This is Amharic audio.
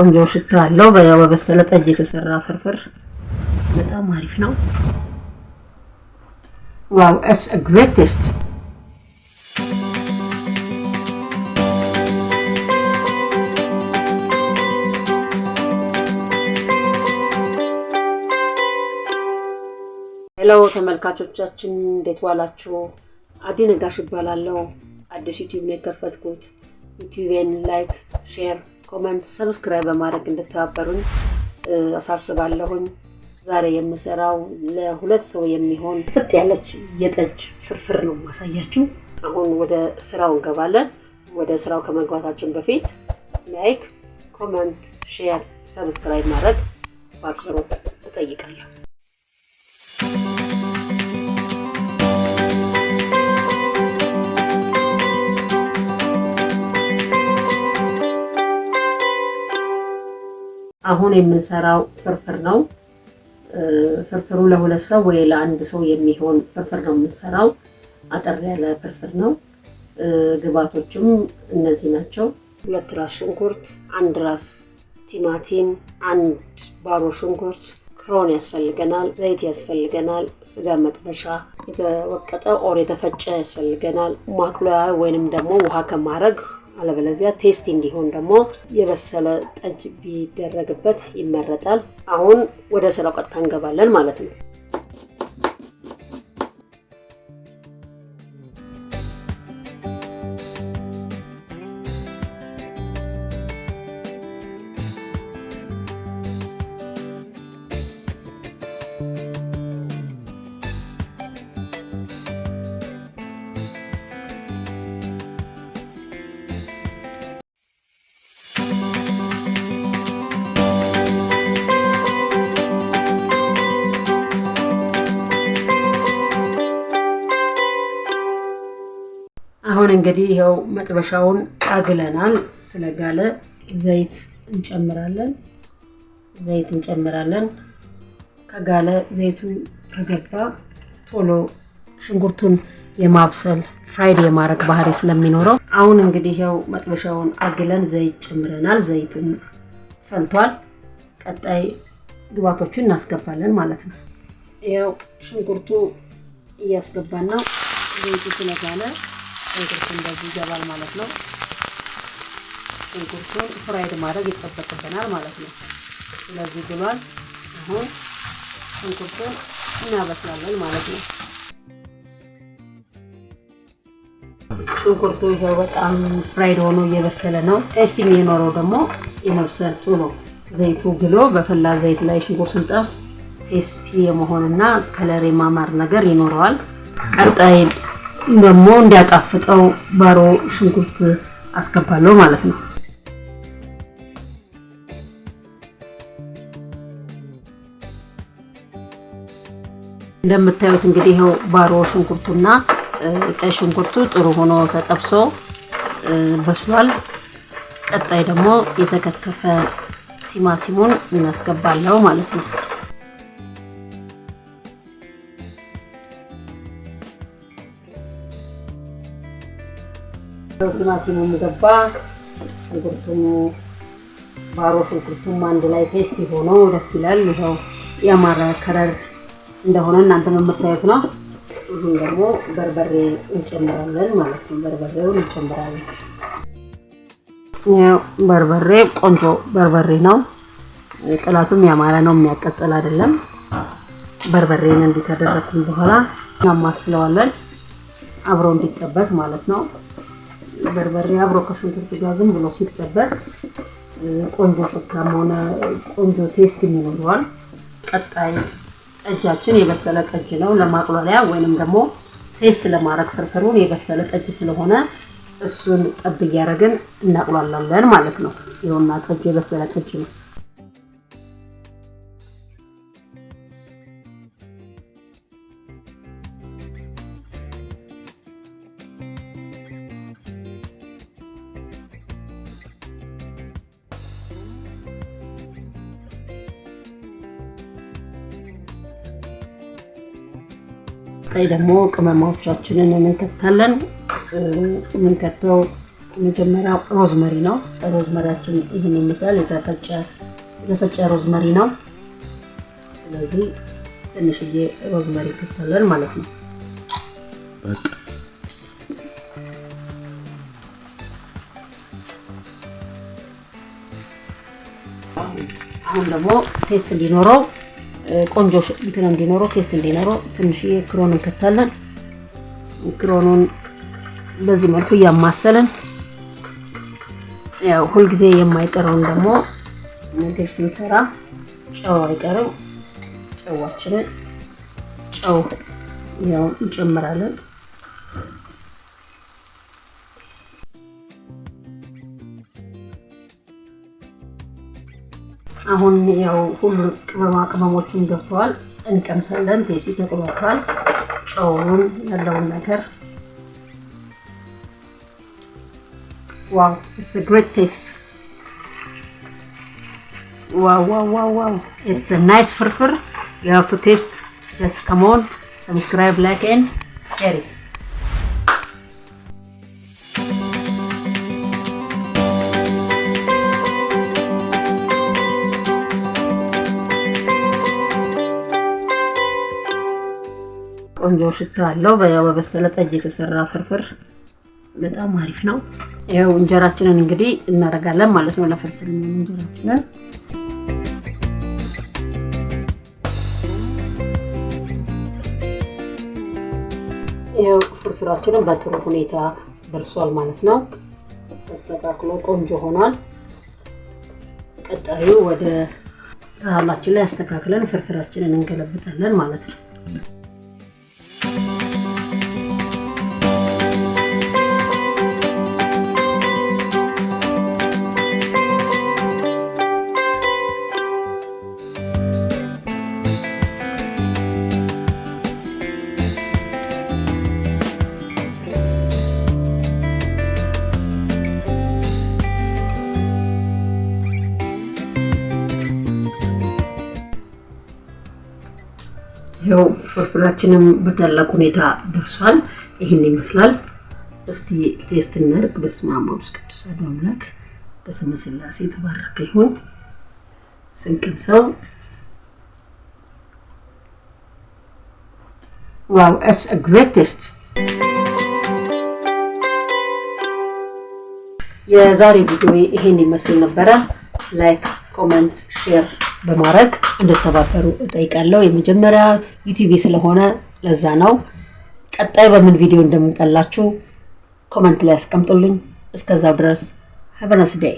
ቆንጆ ሽታ አለው። በበሰለ ጠጅ የተሰራ ፍርፍር በጣም አሪፍ ነው። ዋው ኢትስ አ ግሬት ቴስት። ሄሎ ተመልካቾቻችን እንዴት ዋላችሁ? አዲ ነጋሽ እባላለሁ። አዲስ ዩቲዩብ ነው የከፈትኩት። ዩቲዩብን ላይክ ሼር ኮመንት፣ ሰብስክራይብ በማድረግ እንድተባበሩኝ አሳስባለሁኝ። ዛሬ የምሰራው ለሁለት ሰው የሚሆን ፍጥ ያለች የጠጅ ፍርፍር ነው ማሳያችሁ። አሁን ወደ ስራው እንገባለን። ወደ ስራው ከመግባታችን በፊት ላይክ፣ ኮመንት፣ ሼር፣ ሰብስክራይብ ማድረግ በአክብሮት እጠይቃለሁ። አሁን የምንሰራው ፍርፍር ነው። ፍርፍሩ ለሁለት ሰው ወይ ለአንድ ሰው የሚሆን ፍርፍር ነው የምንሰራው። አጠር ያለ ፍርፍር ነው። ግብአቶቹም እነዚህ ናቸው። ሁለት ራስ ሽንኩርት፣ አንድ ራስ ቲማቲም፣ አንድ ባሮ ሽንኩርት፣ ክሮን ያስፈልገናል፣ ዘይት ያስፈልገናል፣ ስጋ መጥበሻ፣ የተወቀጠ ኦር የተፈጨ ያስፈልገናል። ማቅለያ ወይንም ደግሞ ውሃ ከማድረግ አለበለዚያ ቴስቲ እንዲሆን ደግሞ የበሰለ ጠጅ ቢደረግበት ይመረጣል። አሁን ወደ ስራው ቀጥታ እንገባለን ማለት ነው። አሁን እንግዲህ ይኸው መጥበሻውን አግለናል። ስለጋለ ዘይት እንጨምራለን። ዘይት እንጨምራለን። ከጋለ ዘይቱ ከገባ ቶሎ ሽንኩርቱን የማብሰል ፍራይድ የማድረግ ባህሪ ስለሚኖረው አሁን እንግዲህ ይኸው መጥበሻውን አግለን ዘይት ጨምረናል። ዘይቱን ፈልቷል። ቀጣይ ግብአቶቹን እናስገባለን ማለት ነው። ያው ሽንኩርቱ እያስገባን ነው ዘይቱ ስለጋለ ሽንኩርቱ እንደዚህ ይገባል ማለት ነው። ሽንኩርቱን ፍራይድ ማድረግ ይጠበቅብናል ማለት ነው። ስለዚህ ብሏል። አሁን ሽንኩርቱን እናበስላለን ማለት ነው። ሽንኩርቱ ይሄው በጣም ፍራይድ ሆኖ እየበሰለ ነው። ቴስት የሚኖረው ደግሞ የመብሰል ነው። ዘይቱ ግሎ በፈላ ዘይት ላይ ሽንኩርት ስንጠብስ ቴስቲ የመሆንና ከለር የማማር ነገር ይኖረዋል። ቀጣይ ደግሞ እንዲያጣፍጠው ባሮ ሽንኩርት አስገባለሁ ማለት ነው። እንደምታዩት እንግዲህ ይኸው ባሮ ሽንኩርቱና ቀይ ሽንኩርቱ ጥሩ ሆኖ ተጠብሶ በስሏል። ቀጣይ ደግሞ የተከተፈ ቲማቲሙን እናስገባለው ማለት ነው። ቲማቲሙም ገባ፣ ሽንኩርቱም ባሮ ሽንኩርቱም አንድ ላይ ቴስቲ ሆኖ ደስ ይላል። ይኸው ያማረ ከረር እንደሆነ እናንተ የምታዩት ነው። ይህም ደግሞ በርበሬ እንጨምራለን ማለት ነው። በርበሬውን እንጨምራለን። በርበሬ ቆንጆ በርበሬ ነው። ቅላቱም ያማረ ነው፣ የሚያቀጥል አይደለም። በርበሬን እንዲህ ካደረግኩኝ በኋላ እናማስለዋለን አብሮ እንዲጠበስ ማለት ነው። በርበሬ አብሮ ከሽንኩርት ጋር ዝም ብሎ ሲጠበስ ቆንጆ ሽታም ሆነ ቆንጆ ቴስት ይኖረዋል። ቀጣይ ጠጃችን የበሰለ ጠጅ ነው። ለማቁላሊያ ወይንም ደግሞ ቴስት ለማድረግ ፍርፍሩን የበሰለ ጠጅ ስለሆነ እሱን ጠብ እያደረግን እናቁላላለን ማለት ነው። ይኸውና ጠጅ የበሰለ ጠጅ ነው። ቀጣይ ደግሞ ቅመማዎቻችንን እንከታለን። የምንከተው መጀመሪያ ሮዝመሪ ነው። ሮዝመሪያችን ይህን ይመስላል። የተፈጨ ሮዝመሪ ነው። ስለዚህ ትንሽዬ ሮዝመሪ እንከታለን ማለት ነው። አሁን ደግሞ ቴስት እንዲኖረው ቆንጆ እንትን እንዲኖረው ቴስት እንዲኖረው ትንሽዬ ክሮን እንከታለን። ክሮኑን በዚህ መልኩ እያማሰልን ያው ሁልጊዜ የማይቀረውን ደግሞ ምግብ ስንሰራ ጨው አይቀርም። ጨዋችንን ጨው ያው እንጨምራለን። አሁን ያው ሁሉ ቅመማ ቅመሞችን ገብተዋል። እንቀምሳለን። ቴሲ ተቆሏቷል። ጨውን ያለውን ነገር ዋው ኢትስ አ ግሬት ቴስት ዋው ዋው ዋው ዋው ኢትስ አ ናይስ ፍርፍር ዩ ሃቭ ቱ ቴስት ጀስት ካም ኦን ሰብስክራይብ ላይክ ኤንድ ሼር ቆንጆ ሽታ አለው። በበሰለ ጠጅ የተሰራ ፍርፍር በጣም አሪፍ ነው። ይኸው እንጀራችንን እንግዲህ እናደርጋለን ማለት ነው። ለፍርፍር የሚሆን እንጀራችንን ይኸው ፍርፍራችንን በጥሩ ሁኔታ ደርሷል ማለት ነው። ተስተካክሎ ቆንጆ ሆኗል። ቀጣዩ ወደ ሳህላችን ላይ አስተካክለን ፍርፍራችንን እንገለብጣለን ማለት ነው። ይኸው ፍርፍራችንም በታላቅ ሁኔታ ደርሷል። ይህን ይመስላል። እስቲ ቴስት እናድርግ። በስመ አብ ወወልድ ወመንፈስ ቅዱስ አሐዱ አምላክ በስመ ሥላሴ የተባረከ ይሁን። ስንቀምሰው ዋው ኢትስ አ ግሬት ቴስት። የዛሬ ቪዲዮ ይሄን ይመስል ነበረ። ላይክ፣ ኮመንት፣ ሼር በማድረግ እንድተባበሩ እጠይቃለሁ። የመጀመሪያ ዩቲዩብ ስለሆነ ለዛ ነው። ቀጣይ በምን ቪዲዮ እንደምንጠላችሁ ኮመንት ላይ ያስቀምጡልኝ። እስከዛው ድረስ ሀበነስ ደይ